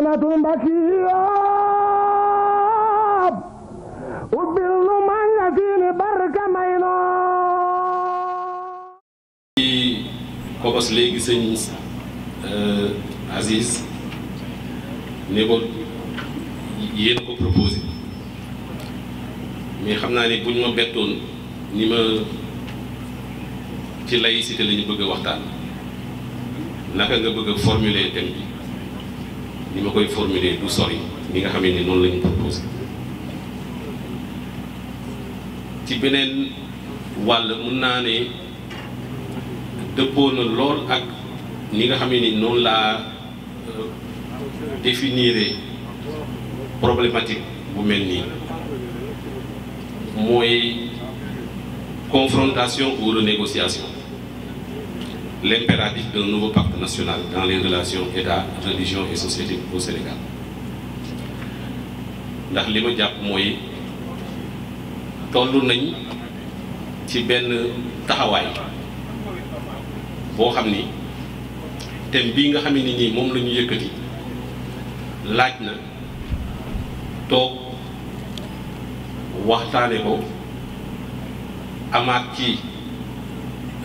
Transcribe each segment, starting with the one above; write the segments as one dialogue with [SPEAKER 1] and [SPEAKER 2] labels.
[SPEAKER 1] نعمة بكياب وبل léegi sëñ Aziz ne ko ko proposé mais xam naa ne buñ ma bettoon ni ma ci laïcité la ñu bëgg waxtaan naka nga bëgg a formuler li ma koy formuler du sori ni nga xamee ni noonu la ñu proposé ci beneen wàll mun naa ne dëppoo na lool ak ni nga xamee ni noonu laa euh, définiré problématique bu mel nii mooy confrontation ou renégociation l'impératif d'un nouveau pacte national dans les relations État, religion et société au Sénégal. ndax li ma jàpp mooy toll nañ ci ben taxaway bo xamni ni bi nga xamni ni mom lañu la laaj na toog waxtaane ko amaat ci.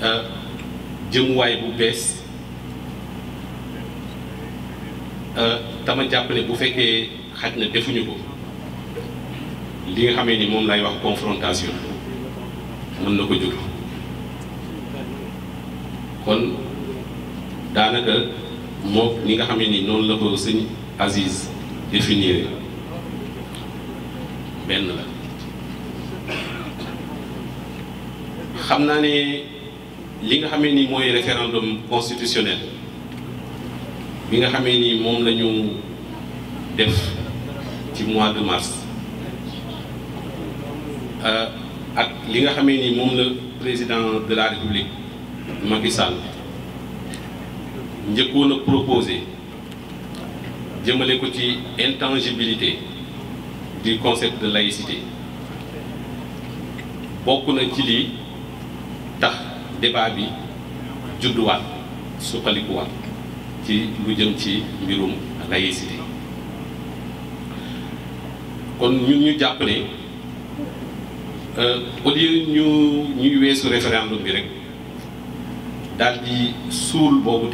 [SPEAKER 1] Euh, jëmuwaay bu bees euh, dama jàppale bu fekkee xaj na defuñu ko li nga xamee ni moom lay wax confrontation mën na ko jur kon daanaka moo ni nga xame ni noonu la ko sëñ Aziz définir benn la xam naa ne li nga xamee ni mooy référendum constitutionnel bi nga xamee ni moom la ñu def ci mois de mars euh, ak li nga xamee ni moom la président de la république Macky Sall njëkkoon a proposé jëmale ko ci intangibilité du concept de laïcité bokk na ci li tax débat bi judduwaat suqalikuwaat ci lu jëm ci mbirum laïcité kon ñun ñu jàpp ne euh, au ñu ñuy weesu référendum bi rek daal suul boobu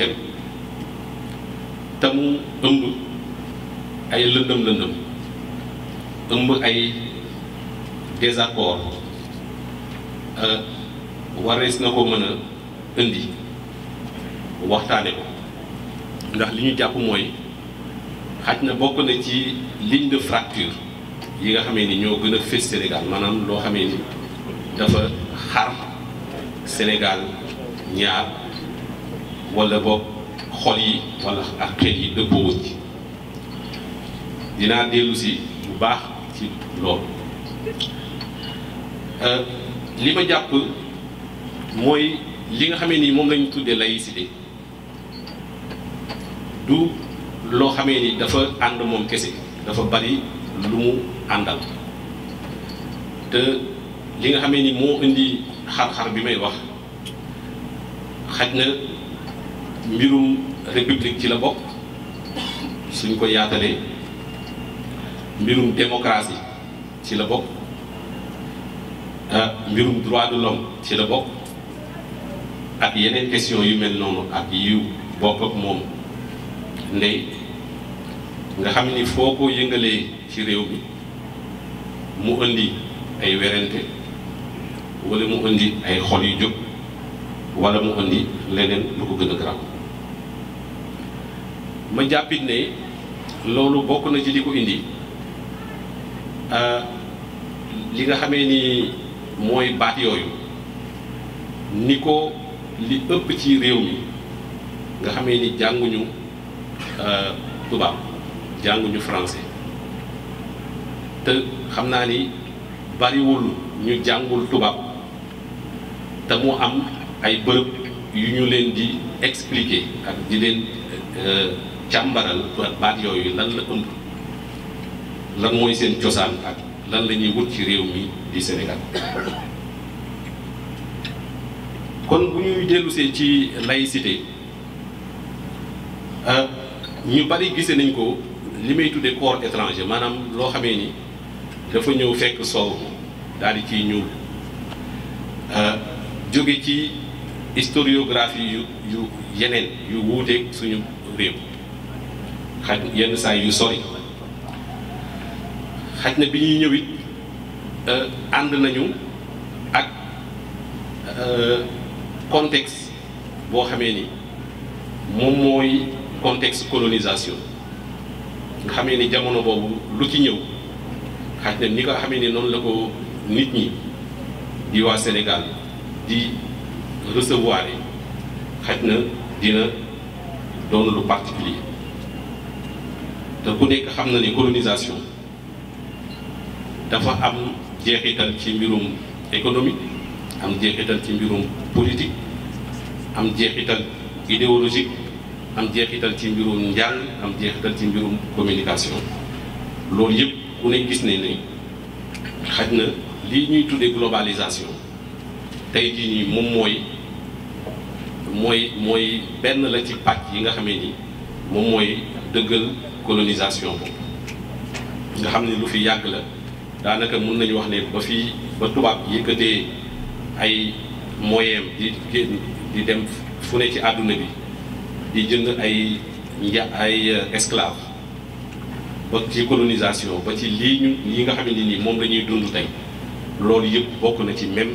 [SPEAKER 1] te mu ëmb ay lëndëm lëndëm ëmb ay désaccord euh, warees na ko mën a indi waxtaane ko ndax li ñu jàpp mooy xaj na bokk na ci ligne de fracture yi nga xamee ni ñoo gën a fës Sénégal maanaam loo xamee ni dafa xar Sénégal ñaar wala boog xol yi wala ak xel yi dëppoo ci dinaa dellu si bu baax ci loolu euh, li ma jàpp mooy li nga xamee ni moom lañu tuddee laïcité du loo xamee ni dafa ànd moom kese dafa bari lu mu àndal te li nga xame ni moo indi xar-xar bi may wax xaj na mbirum république ci la bokk suñ ko yaatalee mbirum démocratie ci la bokk ah mbirum droit de l'homme ci la bokk ak yeneen question yu mel noonu ak yu bokk ak moom ndey nga xam ni foo ko yëngalee ci réew mi mu indi ay werante wala mu indi ay xol yu jóg wala mu indi leneen lu ko gën a garaaw ma jàppit ne loolu bokk na ci li ko indi ah, li nga xamee ni mooy baat yooyu ni ko li ëpp ci réew mi nga xamee ni jànguñu euh, tubaab jànguñu français te xam naa ni bariwul ñu jàngul tubaab te mu am ay bërëb yu ñu leen di expliquer ak di leen euh, càmbaral baat yooyu lan la ëmb lan mooy seen cosaan ak lan la ñuy wut ci réew mi di Sénégal kon bu ñuy dellusee ci laïcité euh, ñu bari gisee nañ ko li may tuddee corps étranger maanaam loo xamee ni dafa ñëw fekk soow daal di ciy ñuul euh, jóge ci historiographie yu yu yeneen yu wuuteeg suñu réew xaj yenn saa yu sori xaj na bi ñuy ñëwit euh, ànd nañu ak contexte boo xamee ni moom mooy contexte colonisation nga xamee ni jamono boobu lu ci ñëw xaj na ni ko xamee ni noonu la ko nit ñi di waa Sénégal di recevoir yi xaj na dina doon lu particulier te ku nekk xam na ni colonisation dafa am jeexital ci mbirum économique am jeexital ci mbirum politique am jeexital idéologique am jeexital ci mbirum njaal am jeexital ci mbirum communication loolu yëpp ku ne gis ne ne xaj na lii ñuy tuddee globalisation tey jii moom mooy mooy mooy benn la ci pàcc yi nga xamee ni moom mooy dëggal colonisation boobu nga xam ne lu fi yàgg la daanaka mun nañu wax ne ba fii ba tubaab yëkkatee ay moyen di di dem fu ne ci àdduna bi di jënd ay nja ay euh, esclave ba ci colonisation ba ci lii ñu lii nga xamante ni moom la ñuy dund tey loolu yëpp bokk na ci même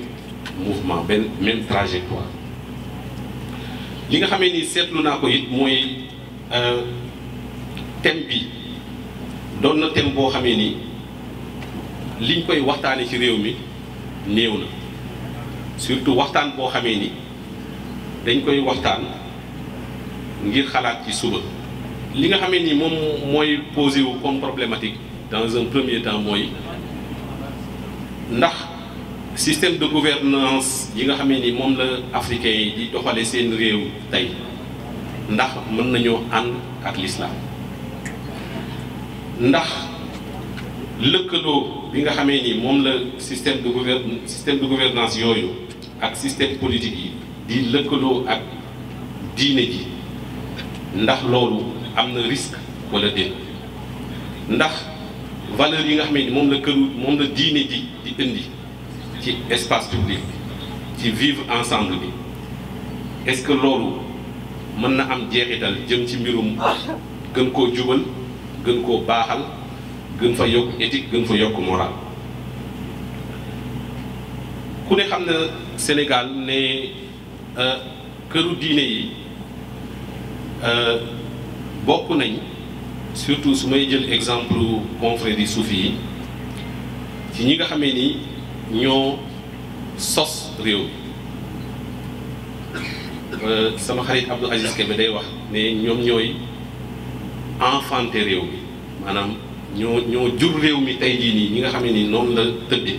[SPEAKER 1] mouvement benn même trajectoire li nga xamee ni seetlu naa ko it mooy euh, thème bi doon na thème boo xam xamee ni liñ koy waxtaane ci réew mi néew na surtout waxtaan boo xamee ni dañ koy waxtaan ngir xalaat ci suba li nga xamee ni moom mooy posé wu comme problématique dans un premier temps mooy ndax système de gouvernance yi nga xamee ni moom la africain yi di doxale seen réew tey ndax mën nañoo ànd ak l'islam ndax lëkkaloo bi nga xamee ni moom la système de gouvernance, système de gouvernance yooyu ak système politique yi di lëkkaloo ak diine ji ndax loolu am na risque wala déet ndax valeur yi nga xam ne moom la këru moom la diine ji di indi ci espace public bi ci vivre ensemble bi est-ce que loolu mën na am jeexital jëm ci mbirum gën koo jubal gën koo baaxal gën fa yokk éthique gën fa yokk moral ku ne xam na Sénégal ne euh, këru diine yi euh, bokk nañ surtout su may jël exemple confrérie soufi yi ci ñi nga xamee ni ñoo sos réew mi euh, sama xarit Abdou Aziz Kébé day wax ne ñoom ñooy enfanté réew mi maanaam ñoo ñoo jur réew mi tey jii nii ñi nga xamee ni noonu la tëddee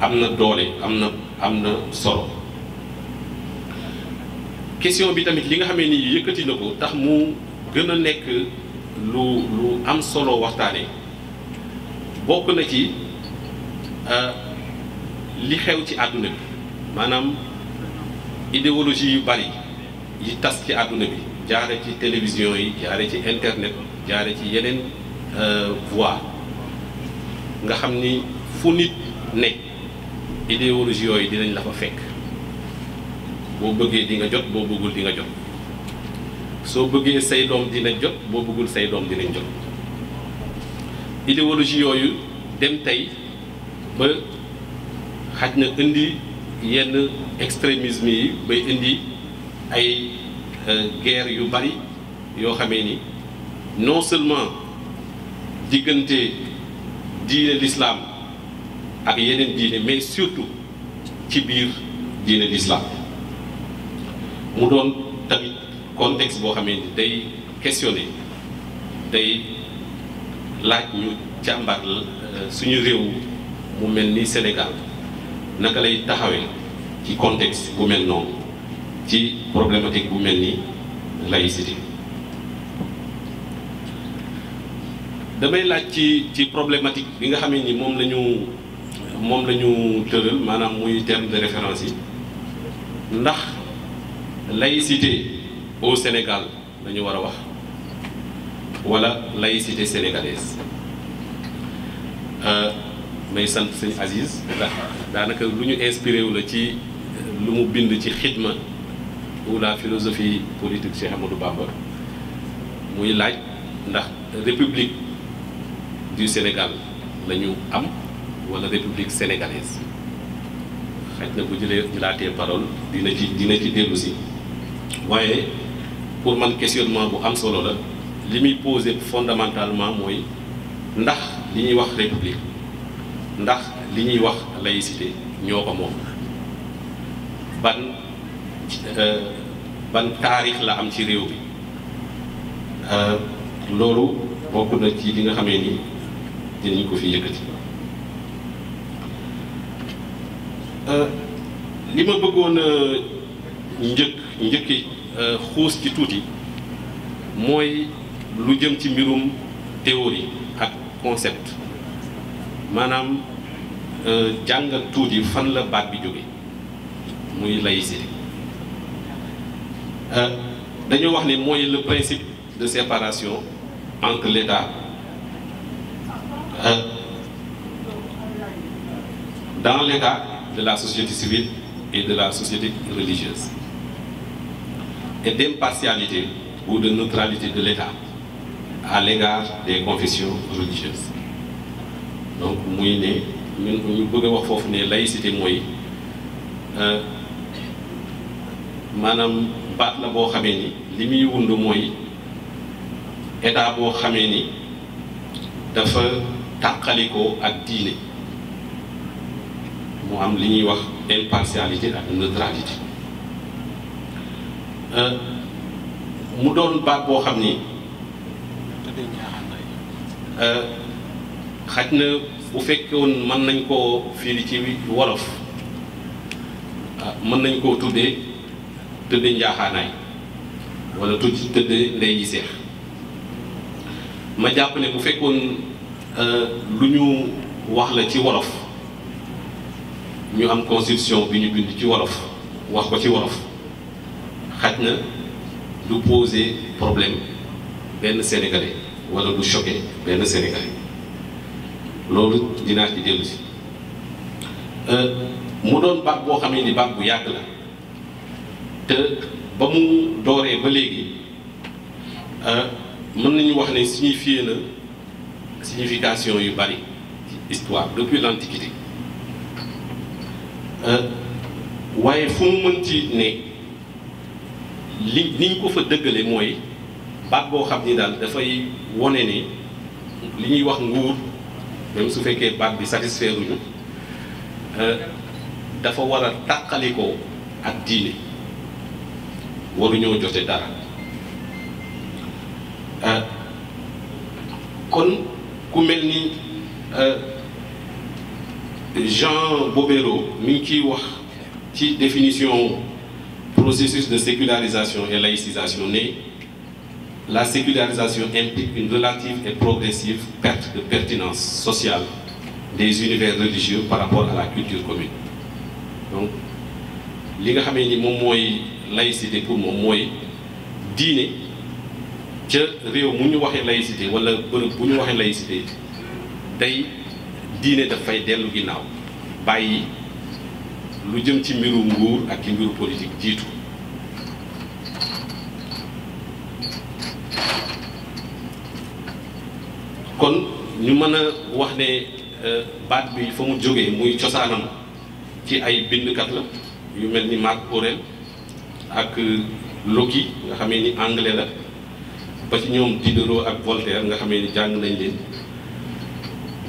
[SPEAKER 1] amna na doole amna na solo question bi tamit li nga xamee ni yëkkati na ko tax mu gën a nekk lu lu am solo waxtaane bokk na ci euh, li xew ci àdduna bi maanaam idéologie yu bari yi tas ci àdduna bi jaare ci télévision yi jaare ci internet jaare ci yeneen euh, voix nga xam ni fu nit ne idéologie yooyu dinañ la fa fekk boo bëggee dinga jot boo bëggul di nga jot soo bëggee say doom dina jot boo bëggul say doom dinañ jot idéologie yooyu dem tey ba xaj na indi yenn extrémisme yi bay indi ay euh, guerre yu bari yoo xamee ni non seulement diggante diine l'islam ak yeneen diine mais surtout ci biir diine l'islam mu doon tamit contexte boo xamee ni day questionné day laaj ñu càmbar euh, suñu réew mu mel ni Sénégal naka lay taxawee ci contexte bu mel noonu ci problématique bu mel ni laïcité damay laaj ci ci problématique bi nga xamee ni moom lañu mom lañu teureul manam muy terme de référence yi ndax laïcité au Sénégal la wara wax wala laïcité sénégalaise euh may sant sëñ Aziz ndax daanaka luñu inspiré wu la ci lu mu bind ci xidma ou la philosophie politique Cheikh Amadou Bamba muy laaj ndax république du Sénégal lañu am wala république sénégalaise xaj na bu jëlee jëlaatee parole dina ci dina ci dellu si waaye pour man questionnement bu am solo la li muy poser fondamentalement mooy ndax li ñuy wax république ndax li ñuy wax laïcité ñoo ko moom ban euh, ban taarix la am ci réew bi euh, loolu bokk na ci li nga xamee ni dinañ ko fi yëkkati. Euh, li ma bëggoon a euh, njëkk njëkki euh, xuus ci tuuti mooy lu jëm ci mbirum théorie ak concept maanaam jàngal tuuti fan la baat bi jóge muy laïcité dañoo wax ni mooy le principe de séparation entre l'État dans l'État de la société civile et de la société religieuse, et d'impartialité ou de neutralité de l'État à l'égard des confessions religieuses. donc muy ne ñun ñu bëgg wax laïcité mooy euh, maanaam baat la boo xamee ni li muy wund mooy état boo xamee ni dafa tàqalikoo ak mu am li ñuy wax impartialité ak neutralité euh, mu doon baat boo xam ni euh, xaj na bu fekkoon mën nañ koo firi ci wolof ah, mën nañ koo tuddee tëdde njaaxaanaay wala tudd tëdde ndey ji seex ma jàpp ne bu fekkoon euh, lu ñu wax la ci wolof ñu am une bi ñu bind ci wolof wax ko ci wolof poser problème benn sénégalais wala du choquer benn sénégalais loolu dinaa ci dellu si euh, mu doon pas boo ni bu yàgg la te ba mu dooree ba léegi euh, mën nañu wax ne signification yu bari histoire depuis l'antiquité Euh, waaye fu mu ci ne li niñ ko fa dëggale mooy baat boo xam ni daal dafay wone ni li ñuy wax nguur même su fekkee baat bi satisfaire ñu euh, dafa war a tàqalikoo ak diine waruñoo jote dara euh, kon ku mel ni Jean Bobero, qui définit définition processus de sécularisation et laïcisation la sécularisation implique une relative et progressive perte de pertinence sociale des univers religieux par rapport à la culture commune donc li laïcité pour que laïcité laïcité diine dafay dellu ginnaaw bàyyi lu jëm ci mbiru nguur ak ci mbiru politique jiitu kon ñu mën a wax ne euh, baat bi fa mu jógee muy cosaanam ci ay bindkat la yu mel ni Marc Aurèle ak euh, Locke nga xamee ni anglais la ba ci ñoom Diderot ak Voltaire nga xamee ni jàng nañ leen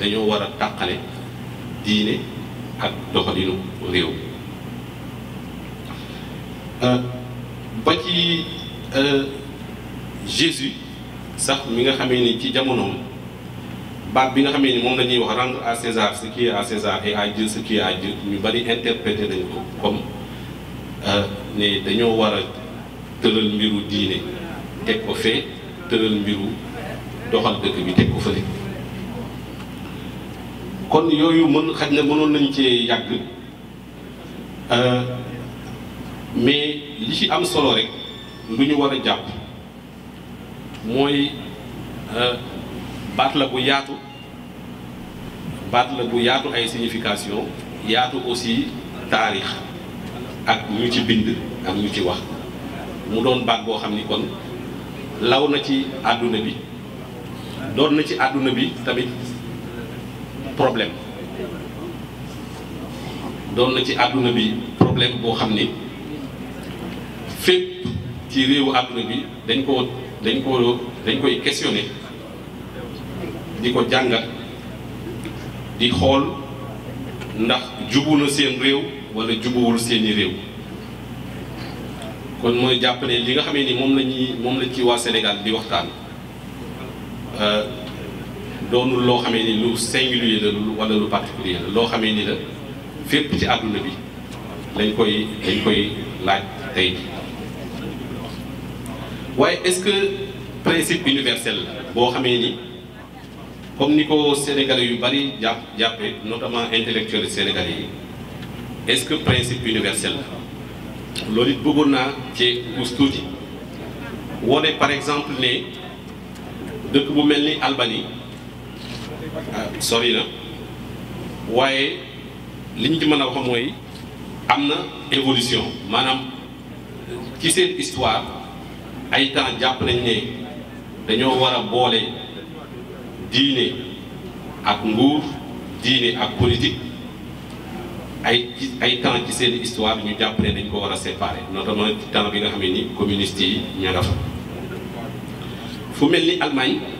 [SPEAKER 1] dañoo war a tàqale diine ak doxalinu réew euh, ba ci euh, Jésus sax mi nga xamee ni ci jamonoom baat bi nga xamee ni moom la ñuy wax rendre à César ce qui est à César et à Dieu ce ñu bari interprété nañ ko comme euh, ne dañoo war a tëral mbiru diine teg ko fee tëral mbiru doxal dëkk bi teg ko fële kon yooyu mën xaj na mënoon nañ cee yàgg euh, mais li ci am solo rek lu ñu war a jàpp mooy euh, baat la bu yaatu baat la bu yaatu ay signification yaatu aussi taarix ak ñu ci bind ak ñu ci wax mu doon baat boo xam ni kon law na ci àdduna bi doon na ci àdduna bi tamit problème doon na ci àdduna bi problème boo xam ni fépp ci réewu àdduna bi dañ ko dañ ko dañ koy questionner di ko jàngat di xool ndax jubu na réew wala jubuwul seeni réew kon mooy jàpp ne li nga xamee ni moom la ñuy moom la ci waa Sénégal di waxtaan euh, doonul loo xamee ni lu singulier la wala lu particulier la loo xamee ni la fépp ci àdduna bi lañ koy lañ koy laaj tey waaye est-ce que principe universel la boo xamee ni comme ni ko sénégalais yu bari jàpp jàppee notamment intellectuels sénégalais yi est-ce que principe universel la loolu it bëggoon naa ci us wone par exemple ne dëkk bu mel ni Albanie ah, sorry là. Oui, li ñu évolution Madame, qui c'est l'histoire? ay temps jàpp nañ nous dañoo à boire, dîner, à ak dîner à ak politique ay ay temps ci l'histoire, histoire ñu jàpp ne dañ ko séparer notamment dans la bi nga xam ni communiste il y nga fu l'Allemagne. ni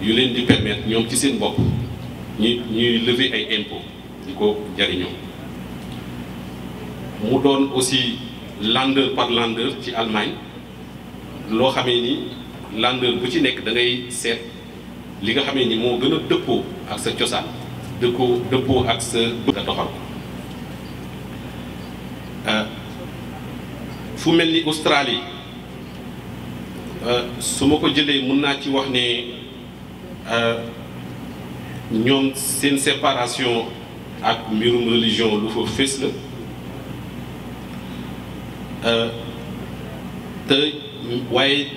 [SPEAKER 1] yu leen di permettre ñoom ci seen bopp ñu ñuy lever ay impôts di ko jariñoo mu doon aussi landeur par landeur ci Allemagne loo xamee ni landeur bu ci nekk da seet li nga xamee ni moo gën a dëppoo ak sa cosaan dëppoo dëppoo ak sa doxal euh, fu mel ni Australie euh, su ma ko jëlee mun naa ci wax ne Euh, ñoom seen séparation ak mbirum religion lu fa fés la euh, te waaye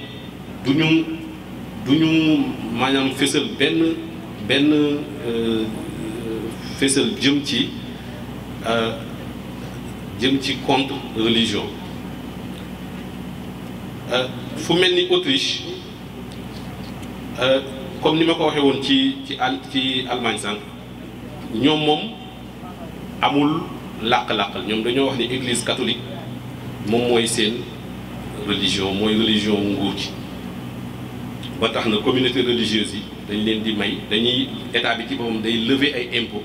[SPEAKER 1] du ñu du ñu maanaam fésal benn benn euh, fésal jëm ci jëm ci contre religion fu mel ni Autriche comme ni mako ko won ci ci ci Allemagne sànq ñom mom amul làq-làqal ñom dañu wax ni église catholique mom moy seen religion moy religion nguur ci ba tax na communauté religieuse yi dañ leen di may dañuy état bi ci boppam day lever ay impôt,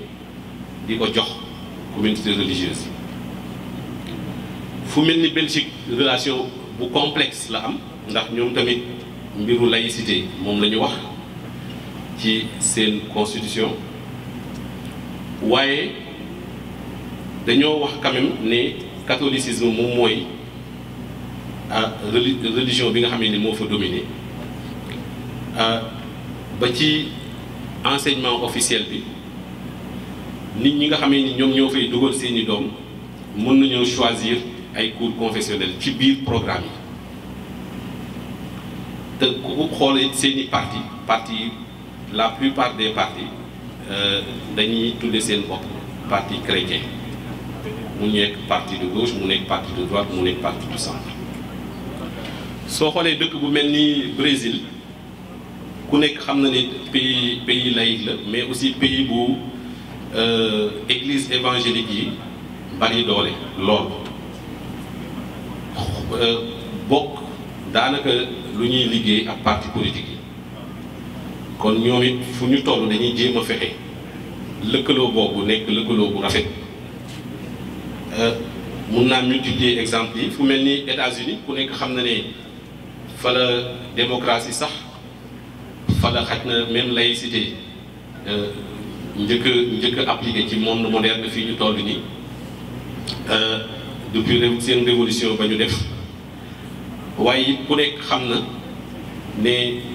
[SPEAKER 1] di ko jox communauté religieuse fu mel ni Belgique relation bu complexe la am ndax ñoom tamit mbiru laïcité moom la ñu wax ci seen constitution waaye dañoo wax quand même ne catholicisme moom mooy ah religion bi nga xam ne moo fa dominé ah, ba ci enseignement officiel bi nit ñi nga xamee ni ñom ñoo fay dugal seeni doom mën nañoo choisir ay cours confessionnels ci biir programme yi te ku xolé seeni parti parti la plupart des partis euh, dañuy sont seen partis parti chrétien mu des parti de gauche mu partis parti de droite mu partis parti du centre Si xolé dëkk bu melni Brésil ku nekk xamna ni pays pays laïque mais aussi pays bu euh, église évangélique yi bari doole lool euh, bokk danaka lu ñuy liggéey parti politique kon ñoom it fu ñu toll dañuy jéem a fexe lëkkaloo boobu nekk lëkkaloo bu rafet euh, mun naa multiplier exemple yi fu mel ni États-Unis ku nekk xam na ne fa la démocratie sax fa la xaj na même laïcité euh, njëkk njëkk appliqué ci monde moderne fii ñu toll nii euh, depuis seen révolution ba ñu def waaye ku nekk xam na ne.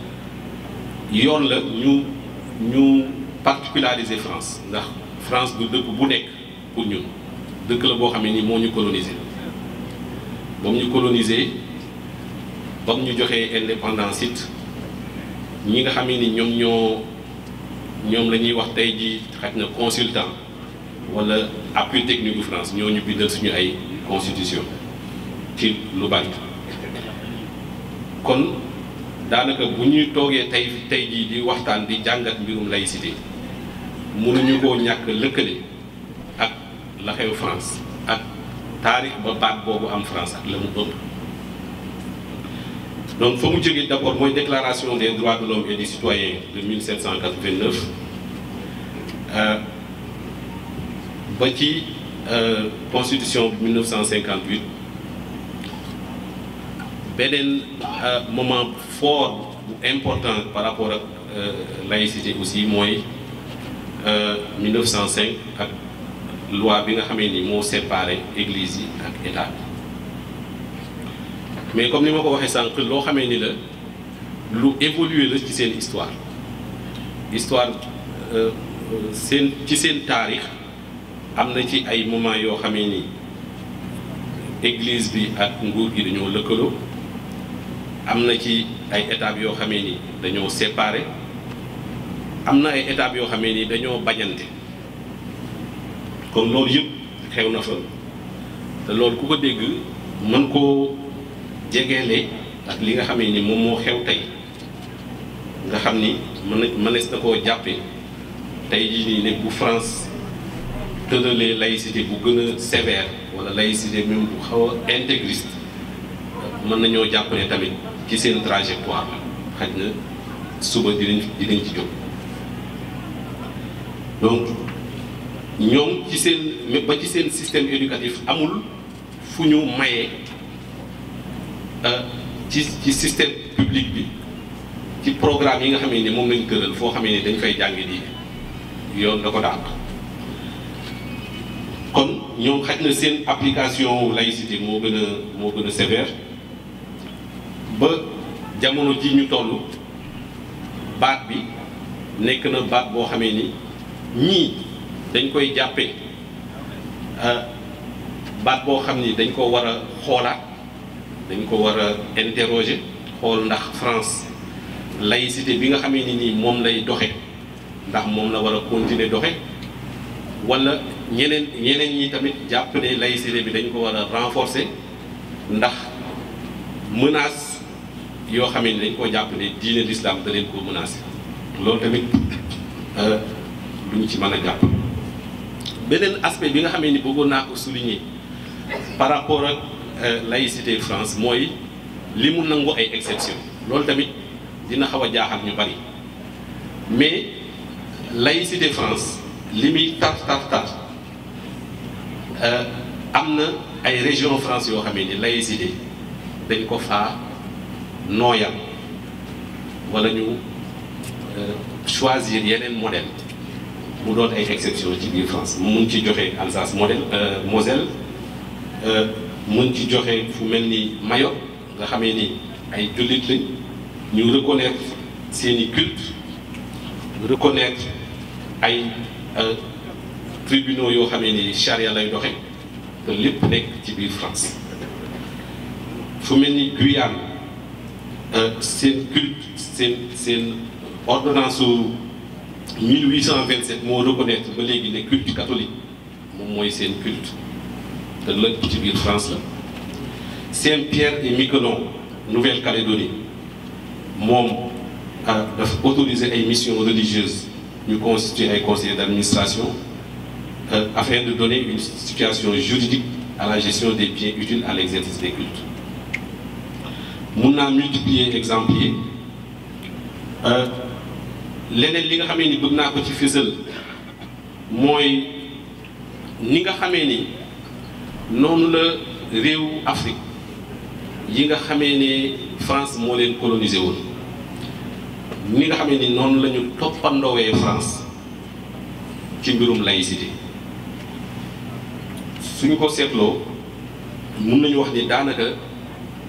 [SPEAKER 1] yoon la ñu ñu particulariser France ndax France du dëkk bu nekk pour ñun dëkk la boo xam ne moo ñu coloniser ba ñu coloniser ba mu ñu joxee indépendance it ñi nga xam ne ni ñoom ñoo ñoom la ñuy wax tey ji xaj na consultant wala appui technique bu France ñoo ñu bindal suñu ay constitution ci lu bari kon daanaka bu togué tay tey tey jii di waxtaan di mbirum laïcité mënuñu ko ñàkk lëkkale ak la xew France ak taarix ba baat boobu am France ak la France donc fa mu jógee d'abord une déclaration des droits de l'homme et des citoyens de 1789 euh, ba ci euh, constitution de 1958 beneen euh, moment fort important par rapport à euh, laïcité aussi euh, 1905 ak loi bi nga xamee ni séparé église et état mais comme ni mako ko sank lo xamé ni la lu évoluer la ci sen histoire histoire euh, seen ci sen taarix amna ci ay moment yo xamé ni église bi ak nguur gi dañoo lekkelo amna ci ay yo xamé ni dañoo séparé amna ay yo xamé ni dañoo bañante comme xew na fa te ku ko dégg man ko djégélé ak li nga xamé ni xew France laïcité bu sévère wala laïcité même bu intégriste man nañu jappalé tamit ci seen trajectoire xaj na suba dinañ dinañ ci jóg donc ñom ci sen ba ci sen système éducatif amul fuñu mayé euh ci ci système public bi ci programme yi nga xamé ni mom lañu gëreul fo xamé ni dañ fay jàngi di yoon da ko dàq kon ñoom xaj sen application laïcité mo gën mo moo gën sévère ba jamono ji ñu tollu baat bi nek na baat bo xamé ni ñi dañ koy jappé euh ah, baat bo xamni dañ ko wara a dañ ko wara interroger xool ndax France laïcité bi nga xamé ni nii moom lay doxé ndax mom la wara continuer doxé wala ñeneen ñeneen ñi tamit jàpp ne laïcité bi dañ ko wara renforcer ndax menace yo xamné dañ ko japp né diine l'islam da leen ko menacer lool tamit euh ñu ci mëna japp benen aspect bi nga xamné ni bëggoon naa ko souligner par rapport ak euh, laïcité France moy li mu nangu ay exception lool tamit dina xawa jaaxal ñu bari mais laïcité France limi muy tar tar tar euh, am na ay région France yo xamné ni laïcité dañ ko faa noyam wala ñu euh, choisir yeneen modèle mu doon ay exception ci biir France mun ci joxe Alsace modèle euh, Moselle euh, mun ci joxe fu mel ni Mayotte nga xamee ni ay jullit lañ ñu reconnaître seeni culte reconnaître ay tribunaux yoo xamee ni charia lay doxe te lépp nekk ci biir France fu mel ni Guyane euh, c'est culte c'est une ordonnance où 1827 pour reconnaître les cultes catholiques. culte catholique culte de de France Saint-Pierre et Miquelon Nouvelle-Calédonie m'ont ah, autorisé une mission missions religieuses constituer un conseil d'administration euh, afin de donner une situation juridique à la gestion des biens utiles à l'exercice des cultes nous naa multiplier exemple yi euh, leneen li nga xamee ni bëgg ci mooy ni la Afrique yi nga xamee France moo leen colonisé woon ni nga xamee ni noonu la France ci mbirum laïcité suñu ko seetloo mun nañu wax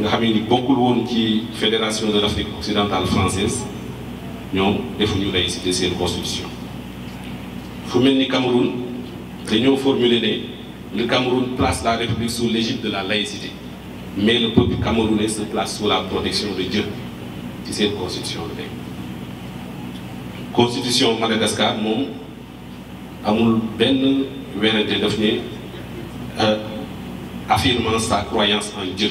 [SPEAKER 1] Nous avons beaucoup de gens fédération de l'Afrique occidentale française Nous la laïcité cette constitution Nous avons formulé Cameroun le Cameroun place la République sous l'égide de la laïcité mais le peuple camerounais se place sous la protection de Dieu c'est une constitution la Constitution constitution Madagascar nous amul de daf euh, affirmant sa croyance en Dieu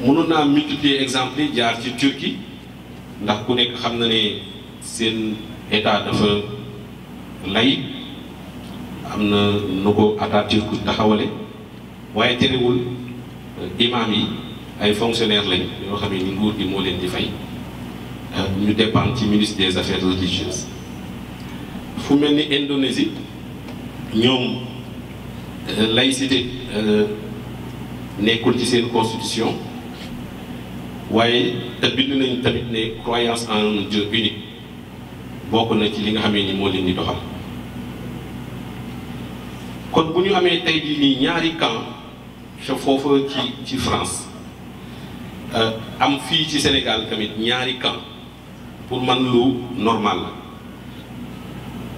[SPEAKER 1] mënoon naa multiplier exemple exemples, ci Turquie ndax ku état dafa taxawale euh, imam yi ay fonctionnaires lañ nguur ministre des affaires religieuses fu Indonésie ñoom euh, laïcité euh, ci constitution waaye te bind nañ tamit ne croyance en un Dieu unique bokk na ci li nga xamee ni moo leen di doxal kon bu ñu amee tey di nii ñaari camp ca foofa ci ci France euh, am fii ci Sénégal tamit ñaari camp pour man lu normal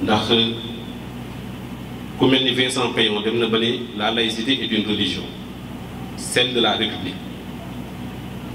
[SPEAKER 1] la ndax euh, ku mel ni Vincent Payon dem na ba ne la laïcité est une religion celle de la République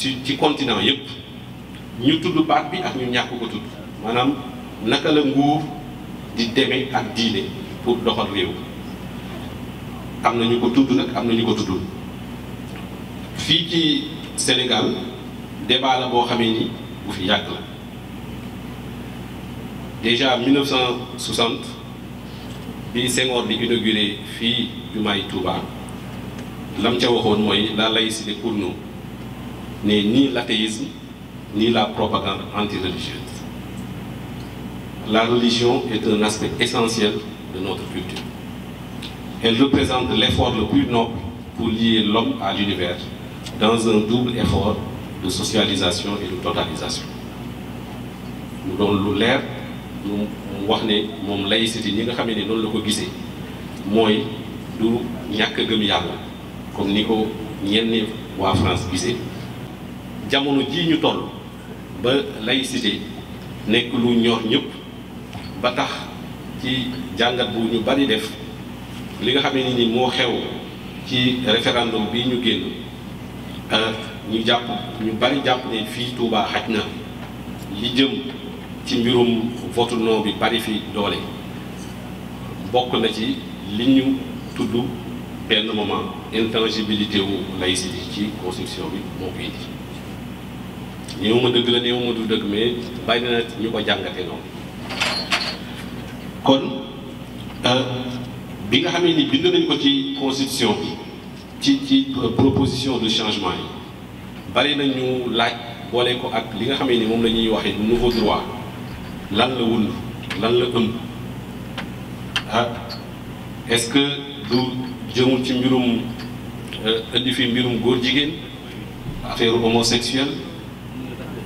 [SPEAKER 1] ci ci continent yépp ñu tudd baat bi ak ñu ñàkk ko tudd maanaam naka la nguur di demee ak diine pour doxal réew am na ñu ko tudd nag am na ñu ko tuddul fii ci Sénégal débat la boo xamee ni bu fi yàgg la déjà 1960 bi Senghor di inauguré fii jumaay Touba lam ca waxoon mooy la laïcité pour nous n'est ni l'athéisme, ni la propagande anti-religieuse. La religion est un aspect essentiel de notre culture. Elle représente l'effort le plus noble pour lier l'homme à l'univers dans un double effort de socialisation et de totalisation. Nous l'air, nous comme jamono jii ñu toll ba laïcité nekk lu ñor ñëpp ba tax ci jàngat bu ñu bari def li nga xam ne ni moo xew ci référendum bi ñu génn ah, ñu jàpp ñu bari jàpp ne fii Touba xaj na li jëm ci mbirum vote non bi bari fi doole bokk na ci li ñu tudd benn moment intangibilité wu laïcité ci constitution bi moo ko indi néew ma dëgg la néew du dëgg mais bàyyi na ñu ko jàngate noonu kon euh, bi nga xamé ni bind nañ ko ci constitution bi ci ci euh, proposition de changement yi bari nañu laaj boole ko ak li nga xamé ni mom lañuy waxé nouveau droit lan la wul lan la ëmb ah est-ce que du jëmul ci mbirum euh, indi fi mbirum góor jigéen affaire homosexuelle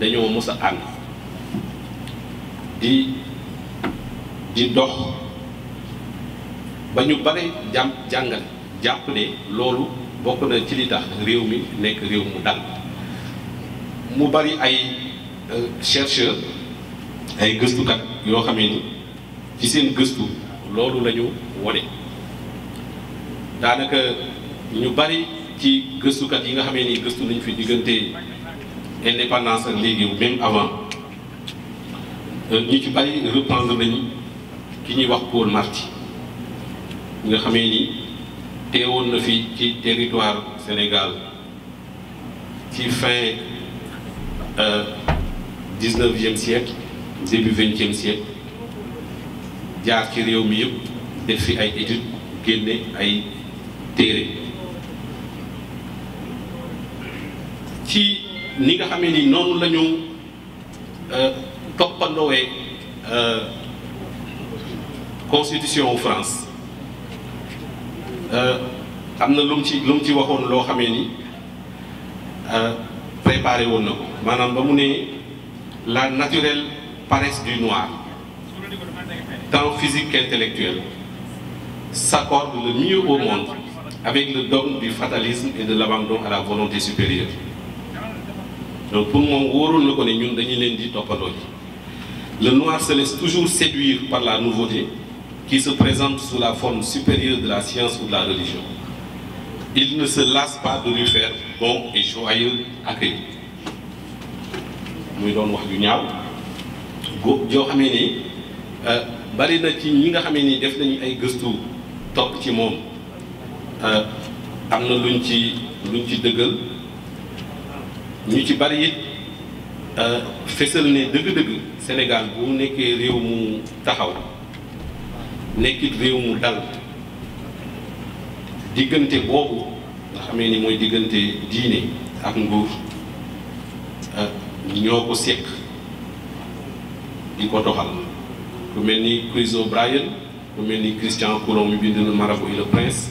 [SPEAKER 1] dañoo mos a ànd di di dox ba ñu bare jàm jàngal jàpp ne loolu bokk na ci li tax réew mi nekk réew mu dal mu bari ay chercheur ay gëstukat yoo xamee ni ci seen gëstu loolu la wone daanaka ñu bari ci gëstukat yi nga xamee ni gëstu nañ fi diggante indépendance légui même avant euh, ñi ci bari reprendre nañu ki ñuy wax pour Marty nga xamee ni teewoon na fi ci territoire Sénégal ci fin euh, dix-neuvième siècle début vingtième siècle jaar ci réew mi yëpp def fi ay études génne ay téere ni nga xamee ni noonu la euh, euh, constitution en France euh, am na lu mu ci lu ci préparé la naturelle paresse du noir tant physique intellectuel s'accorde le mieux au monde avec le dogme du fatalisme et de l'abandon à la volonté supérieure donc pour moi, wóoroon na ko ne ñun dañuy leen di le noir se laisse toujours séduire par la nouveauté qui se présente sous la forme supérieure de la science ou de la religion il ne se lasse pas de lui faire bon et joyeux accueil muy doon wax ju ñaaw go joo xamee ni euh, bari na ci ñi nga xamé ni def nañu ay gëstu top ci mom euh amna luñ ci luñ ci ñu ci bari it euh, fésal ne dëgg-dëgg Sénégal bu mu nekkee réew mu taxaw nekkit réew mu dal diggante boobu nga xamee ni mooy diggante diine ak nguur euh, ñoo ko séq di ko doxal ku mel ni Chris O'Brien ku mel ni Christian Coulon mi bind na Marabout et le Prince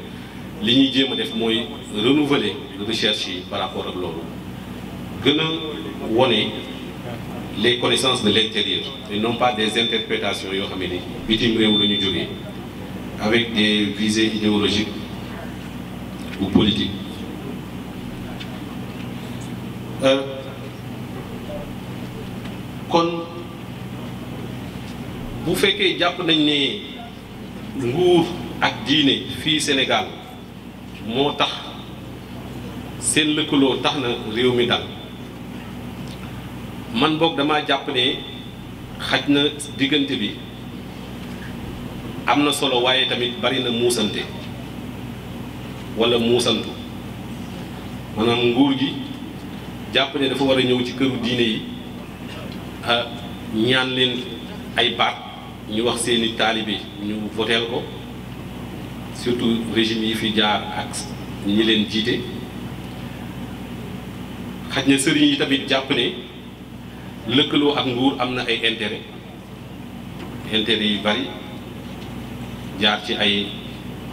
[SPEAKER 1] L'idée est de renouveler recherche par rapport à l'eau. Que les connaissances de l'intérieur et non pas des interprétations avec des visées idéologiques ou politiques euh, kon bu fekkee jàpp nañ Sénégal moo tax seen lëkkaloo tax na réew mi dal man boog dama jàpp ne xaj na diggante bi am na solo waaye tamit bari na muusante wala muusantu maanaam nguur gi jàpp ne dafa war a ñëw ci këru diine yi ah, ñaan leen ay baat ñu wax seeni taalibe ñu voteel ko surtout régime yi fi jaar ak ñi leen jiite xaj na sëriñ yi tamit jàpp ne lëkkaloo ak nguur am na ay intérêt intérêt yu bari jaar ci ay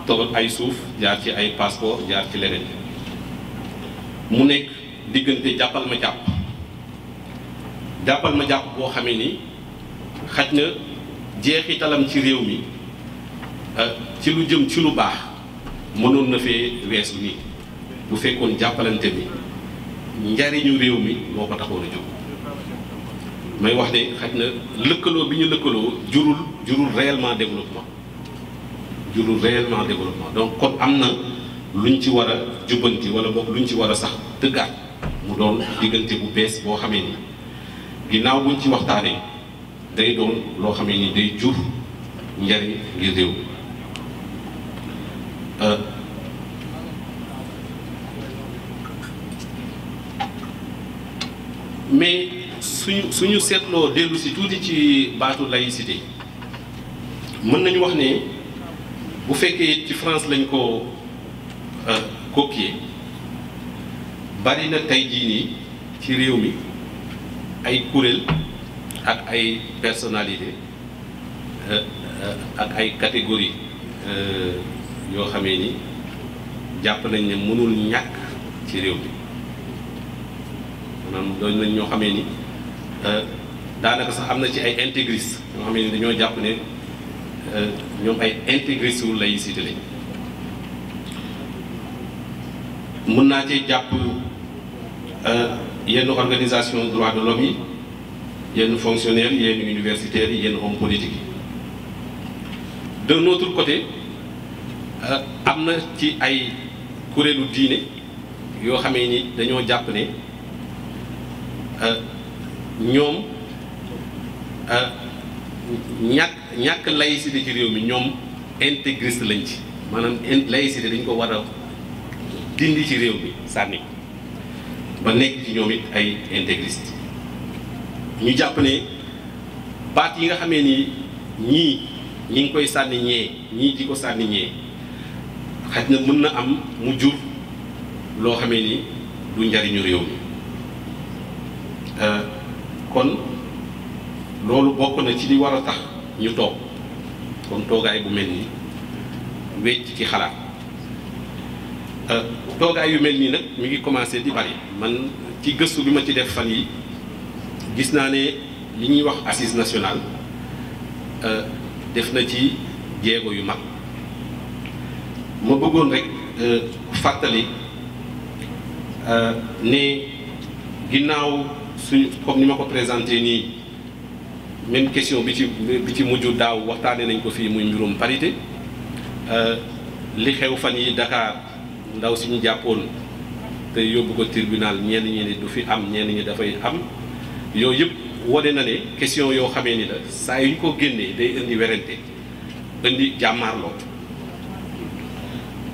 [SPEAKER 1] tool ay suuf jaar ci ay passeport jaar ci leneen mu nekk diggante jàppal ma jàpp jàppal ma jàpp boo xamee ni xaj na jeexi talam ci réew mi euh, ci lu jëm ci lu baax mënoon na fee weesu nii bu fekkoon jàppalante bi njariñu réew mi moo ko taxoon a jóg may wax ne xaj na lëkkaloo bi ñu lëkkaloo jurul jurul réellement développement jurul réellement développement donc kon am na luñ ci war a jubbanti wala boog luñ ci war a sax tëggaat mu doon diggante bu bees boo xamee ni ginnaaw buñ ci waxtaanee day doon loo xamee ni day jur njariñ ngir réew Euh. mais suñu suñu seetloo dellusi tuuti ci baatu laïcité mën nañu wax ne bu fekkee ci France lañ ko euh, copier bari na tey jii ci réew mi ay kuréel ak ay personnalité euh, ak ay catégorie yoo xamee ni jàpp nañ ne mënul ñàkk ci réew bi maanaam doon nañ ñoo xamee ni euh, daanaka sax am na ci ay intégristes ñoo xamee ni dañoo jàpp ne euh, ñoom ay intégristes wu laïcité lañ mën naa cee jàpp euh, yenn organisation droit de l'homme yi yenn fonctionnaires yi yenn universitaires yi yenn hommes politiques yi de notre côté Euh, am na ci ay kuréelu diine yoo xamee ni dañoo jàpp ne euh, ñoom euh, ñàkk ñàkk laïcité ci réew mi ñoom intégriste lañ ci maanaam laïcité dañ ko war a dindi ci réew mi sànni ba nekk ci ñoom it ay intégriste ñu jàpp ne baat yi nga xamee nii ñii ñi ngi koy sànni ñee ñii di ko sànni ñee xaj na mën na am mu jur loo xamee ni du njariñu réew mi euh, kon loolu bokk na ci li war a tax ñu toog kon toogaay bu mel ni wecc ci xalaat euh, toogaay yu mel nii nag mi ngi commencé di bari man ci gëstu bi ma ci def fan yi gis naa ne li ñuy wax assis national euh, def na ci jéego yu mag ma bëggoon rek euh, fàttali euh, ni ginnaaw suñu comme ni ma ko présenté nii même question bi ci bi ci mujj daaw waxtaanee nañ ko fii muy mbirum parité euh, li xew fan yi Dakar ndaw si ñu jàppoon te yóbbu ko tribunal ñenn ñi ne du fi am ñenn ñi dafay am yooyu yëpp wane na ne question yoo xamee ni la saa yu ñu ko génnee day indi werante indi jàmmaarloo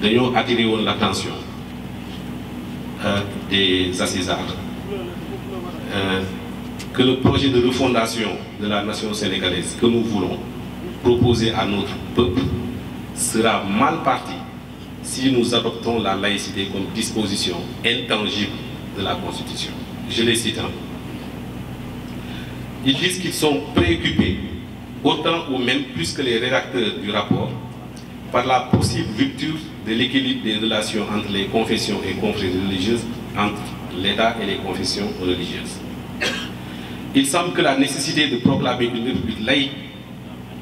[SPEAKER 1] dañoo attiré l'attention euh, des assisards, euh, que le projet de refondation de la nation sénégalaise que nous voulons proposer à notre peuple sera mal parti si nous adoptons la laïcité comme disposition intangible de la Constitution. Je les cite hein. Ils disent qu'ils sont préoccupés, autant ou même plus que les rédacteurs du rapport, par la possible rupture de l'équilibre des relations entre les confessions et confréries religieuses, entre l'État et les confessions religieuses. Il semble que la nécessité de proclamer une république laïque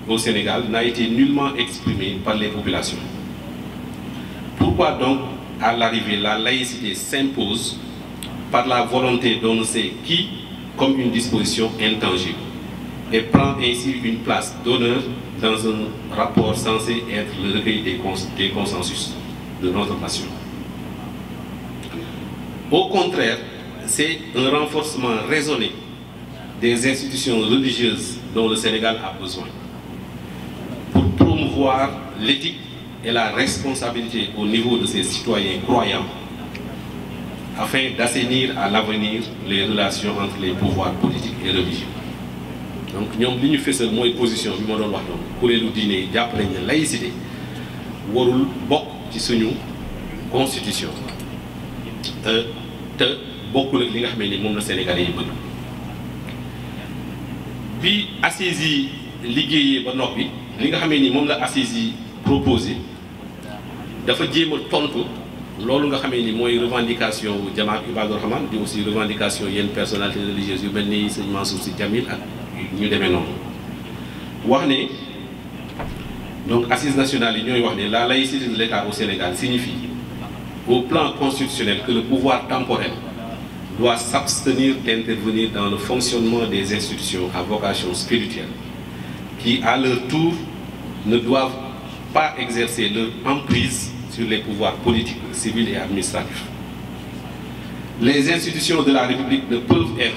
[SPEAKER 1] au Sénégal n'a été nullement exprimée par les populations. Pourquoi donc, à l'arrivée, la laïcité s'impose par la volonté d'on sait qui comme une disposition intangible et prend ainsi une place d'honneur dans un rapport censé être le recueil des, des consensus de notre nation. Au contraire, c'est un renforcement raisonné des institutions religieuses dont le Sénégal a besoin pour promouvoir l'éthique et la responsabilité au niveau de ses citoyens croyants afin d'assainir à l'avenir les relations entre les pouvoirs politiques et religieux donc ñom li ñu fésal mooy position bi mo doon wax donc kuréelu diine yi jàpp nañ ne laïcité warul bok ci suñu constitution euh te bokul ak li nga xam ne ni moom la Sénégalais yi bëgg bi assise yi liggéeyee ba noppi li nga xam ni mom la assise yi proposé dafa jéem tontu loolu nga xamé ni mooy revendication wu jamaat Ibadur Rahman di aussi revendication yenn personnalité religieuse yu mel ni sëñ Mansour Sy jamil ak ñu démé donc assise nationale yi la laïcité de l'État au Sénégal signifie au plan constitutionnel que le pouvoir temporel doit s'abstenir d'intervenir dans le fonctionnement des institutions à vocation spirituelle qui à leur tour ne doivent pas exercer leur emprise sur les pouvoirs politiques, civils et administratifs. Les institutions de la République ne peuvent être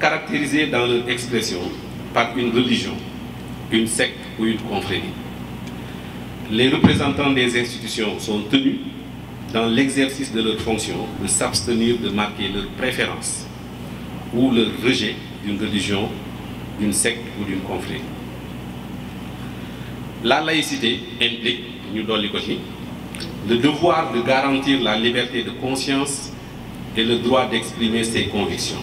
[SPEAKER 1] caractérisés dans leur expression par une religion, une secte ou une confrérie. Les représentants des institutions sont tenus, dans l'exercice de leur fonction, de s'abstenir de marquer leur préférence ou leur rejet d'une religion, d'une secte ou d'une confrérie. La laïcité implique, nous le devoir de garantir la liberté de conscience et le droit d'exprimer ses convictions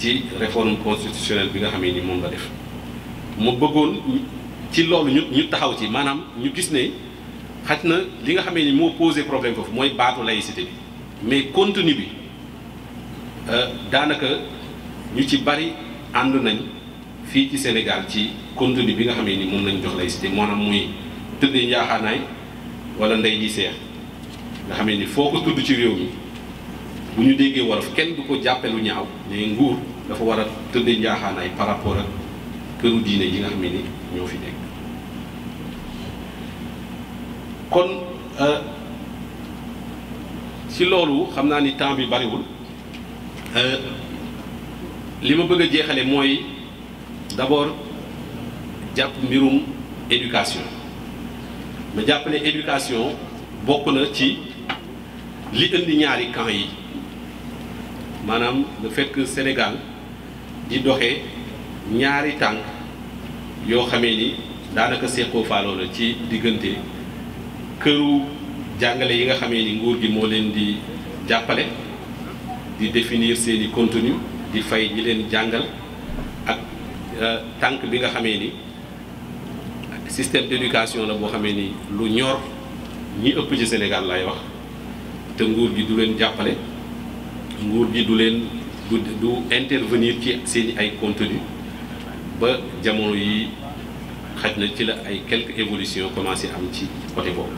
[SPEAKER 1] ci réforme constitutionnelle bi nga xamee ni moom nga def mu bëggoon ci loolu ñu ñu taxaw ci maanaam ñu gis ne xaj na li nga xamee ni moo posé problème foofu mooy baatu laïcité bi mais contenu bi euh, daanaka ñu ci bari ànd nañ fii ci Sénégal ci contenu bi nga xamee ni moom lañ jox laïcité maanaam muy tëddee njaaxaanaay wala ndey ji seex nga xamee ni foo ko tudd ci réew mi bu ñu déggee wolof kenn du ko jàppe lu ñaaw ne nguur dafa war a tëddee njaaxaanaay par rapport ak këru diine yi nga xam ne ni ñoo fi nekk kon euh, si loolu xam naa ni temps bi bariwul euh, li ma bëgg a jeexale mooy d'abord jàpp mbirum éducation ma jàppale ne bokk na ci li indi ñaari camp yi maanaam le fekk Sénégal di doxee ñaari tànk yoo xamee ni daanaka seqoo faaloo la ci diggante këru jàngale yi nga xamee ni nguur gi moo leen di jàppale di définir seeni contenu di fay ñi leen jàngal ak euh, tànk bi nga xamee ni système d'éducation la boo xamee ni lu ñor ñi ëpp ci Sénégal lay wax te nguur gi du leen jàppale nguur gi du leen du du intervenir ci seeni ay contenu ba jamono yi xaj na ci la ay quelques évolutions commencé am ci côté boobu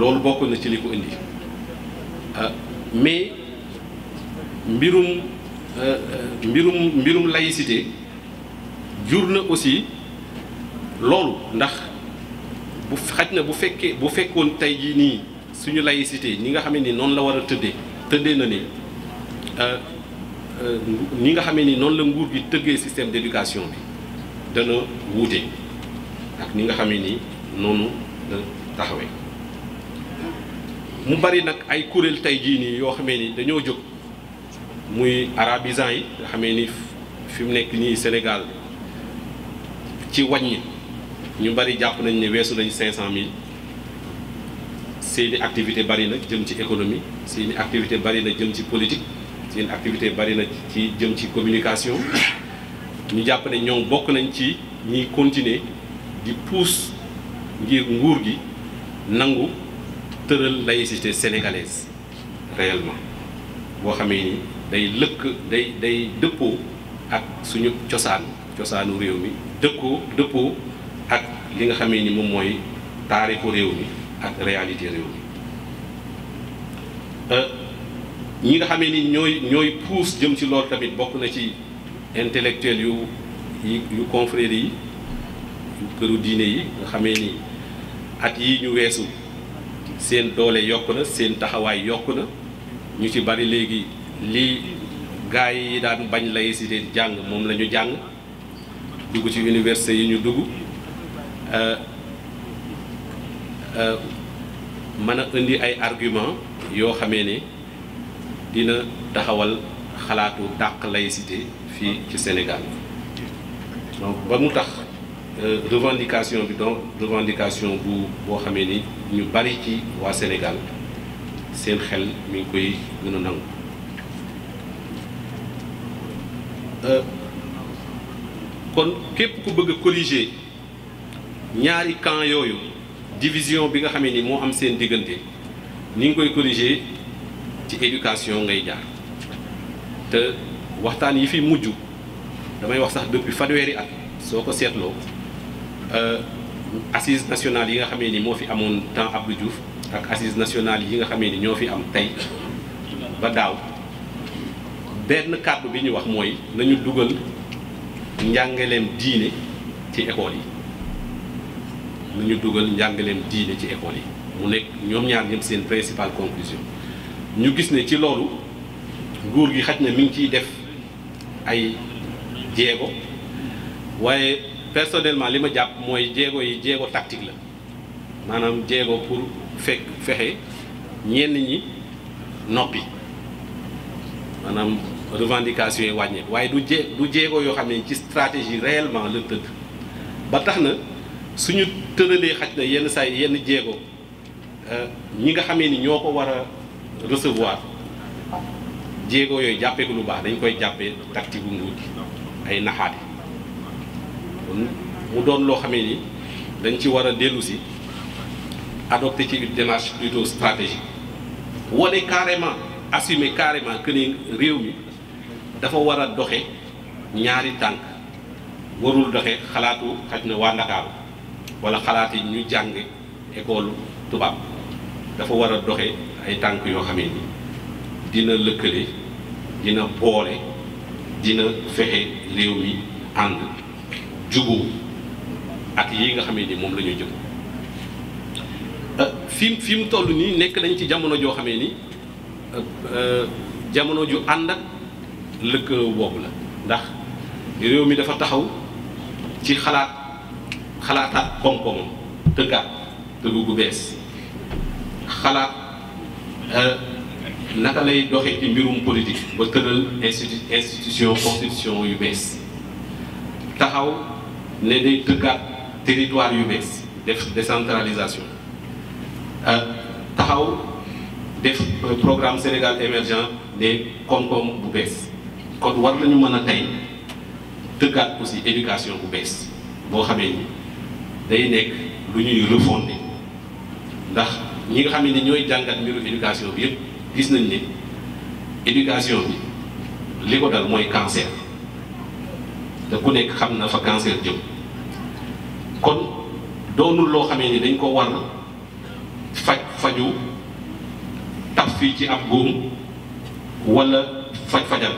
[SPEAKER 1] loolu bokku na ci liko ko indi ah, mais mbirum euh, mbirum mbirum laïcité jur aussi loolu ndax bu xaj bu fekkee bu fekkone tey jii nii suñu laïcité ñi nga xam ne ni noonu la wara a tëddee na ni euh, euh, ni nga xamé ni non la nguur gi tëggee système d'éducation bi dana wouté ak ni nga xamé ni nonu da taxawé mu bari nak ay courel tey jii nii yoo xamee ni dañu jog muy arabisants yi nga ni fim nek ni Sénégal ci wàññi ñu bari japp nañ ne weesu nañ cinq cent mille une activité bari na jëm ci économie une activité bari na jëm ci politique seen activité bari na ci jëm ci communication ñu jàpp ñoom bokk nañ ci ñiy continuer di pousse ngir nguur gi nangu tëral laïcité sénégalaise réellement boo xamee ni day lëkk day day dëppoo ak suñu cosaan cosaanu réew mi dëkkoo dëppoo ak li nga xamee ni moom mooy taarixu réew mi ak réalité réew mi euh, ñi nga xamee ni ñooy ñooy pouse jëm ci loolu tamit bokk na ci intellectuel yu yu confrères yi këru diine yi nga xamee ni at yi ñu weesu seen doole yokk na seen taxawaay yokk na ñu ci bari léegi lii gars yi daan bañ laïcité jàng moom lañu jàng dugg ci université yi ñu dugg euh, euh, mën a indi ay argument yoo xamee ne dina taxawal xalaatu dàq laïcité fii ci Sénégal donc ba mu tax euh, revendication bi donc revendication bu boo xamee ni ñu bari ci waa Sénégal seen xel mi ngi koy gën a nangu euh, kon képp ku bëgg a corriger ñaari camp yooyu division bi nga xamee ni moo am seen diggante ni ngi koy corriger ci éducation ngay jaar te waxtaan yi fi mujj damay wax sax depuis fanweeri at soo ko seetloo euh, assises nationales yi nga xamee ni moo fi amoon temps Abdou Diouf ak assise nationales yi nga xamee ni ñoo fi am tey ba daaw benn kàddu bi ñu wax mooy nañu dugal njàngaleem diine ci école yi nañu dugal njàngaleem diine ci école yi mu nekk ñoom ñaar ñëpp seen principale conclusion ñu gis ne ci loolu nguur gi xaj na mi ngi ciy def ay jéego waaye personnellement li ma jàpp mooy jéego yi jéego tactique la maanaam jéego pour fekk fexe ñenn ñi noppi maanaam revendication yi wàññeeku waaye du jé du jéego yoo xam ne ci stratégie réellement la tëdd ba tax na suñu tëralee xaj na yenn saa yenn jéego euh, ñi nga xame ni ñoo ko war a recevoir jéego yooyu jàppeeku lu baax dañ koy jàppee tactique bu nguur gi ay naxaate mu doon loo xamee ni dañ ci war a dellu si adopté ci une démarche plutôt stratégique wane carrément assumer carrément que ni réew mi dafa war a doxe ñaari tànk warul doxe xalaatu xaj na waa Ndakaaru wala xalaati ñu jànge école tubaab dafa war a doxe ay tànk yoo xamee ni dina lëkkale dina boole dina fexe réew mi ànd juboo ak yi nga xamee ni moom lañuy ñu jëm euh, fi fi mu toll nii nekk nañ ci jamono joo xamee ni euh, euh, jamono ju ànd ak lëkkaloo boobu la ndax réew mi dafa taxaw ci xalaat xalaataat koom-koomam tëggaat tëggu gu bees xalaat Euh, naka lay doxee ci mbirum politique ba l'institution institution constitution yu taxaw territoire yu def décentralisation euh, taxaw euh, programme Sénégal émergent des la bu war nañu mëna tay aussi éducation bu ni day ñi nga xam ne ni ñooy jàngat mbiru éducation bi yëpp gis nañ ni éducation bi li ko dal mooy cancer te ku nekk xam na fa cancer jëm kon doonul loo xame ni dañ ko war faj faju taf ci ab faj-fajal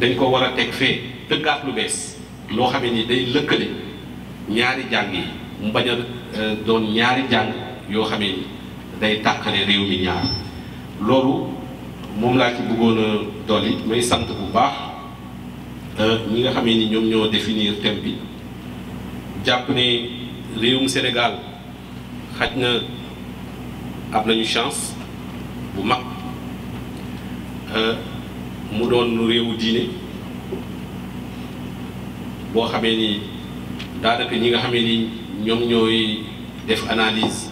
[SPEAKER 1] dañ ko war a teg fee tëggaat lu bees loo xamee ni day lëkkale ñaari jàng yi mu bañ a euh, doon ñaari jàng yoo xamee ni day tàqale réew mi ñaar loolu moom laa ci bëggoon a dolli may sant bu baax euh, ñi nga xamee ni ñoom ñoo définir thème bi jàpp ni réewum Sénégal xaj na am nañu chance bu mag euh, mu doon réewu diine boo xamee ni daanaka ñi nga xamee ni ñoom ñooy def analyse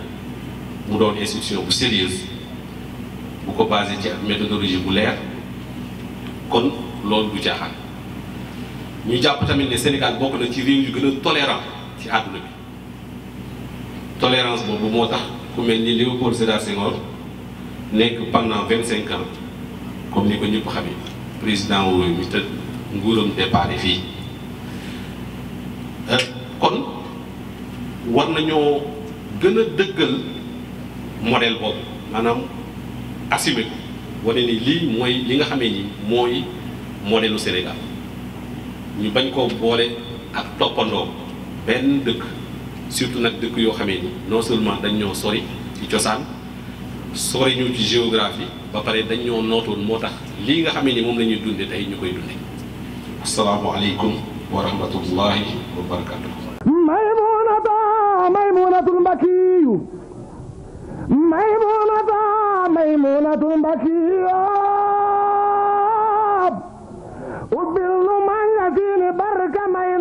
[SPEAKER 1] mu doon institution bu sérieuse bu ko basé ci méthodologie bu leer kon loolu du caaxaan ñu jàpp tamit ne Sénégal bokk na ci réew yu gën tolérant ci àdduna bi tolérance boobu moo tax ku mel ni Léopold Sédar Senghor nekk pendant vingt cinq comme ni ko ñëpp xamee président wu mi tëdd nguuram départ fii euh, kon war nañoo gën a dëggal modèle boobu maanaam assumé ko wane ni lii mooy li nga xamee nii mooy modèlu Sénégal ñu bañ koo boole ak toppandoo benn dëkk surtout nag dëkk yoo xamee ni non seulement dañ ñoo sori ci cosaan sori ñu ci géographie ba pare dañ ñoo nootoon moo tax lii nga xamee ni moom la ñuy dunde tey ñu koy dunde asalaamaaleykum wa rahmatullahi wa barakatuh maymunata maymunatul mbakiyu maymunata maymunatu mbakiya ubbil lu manga fiini barka may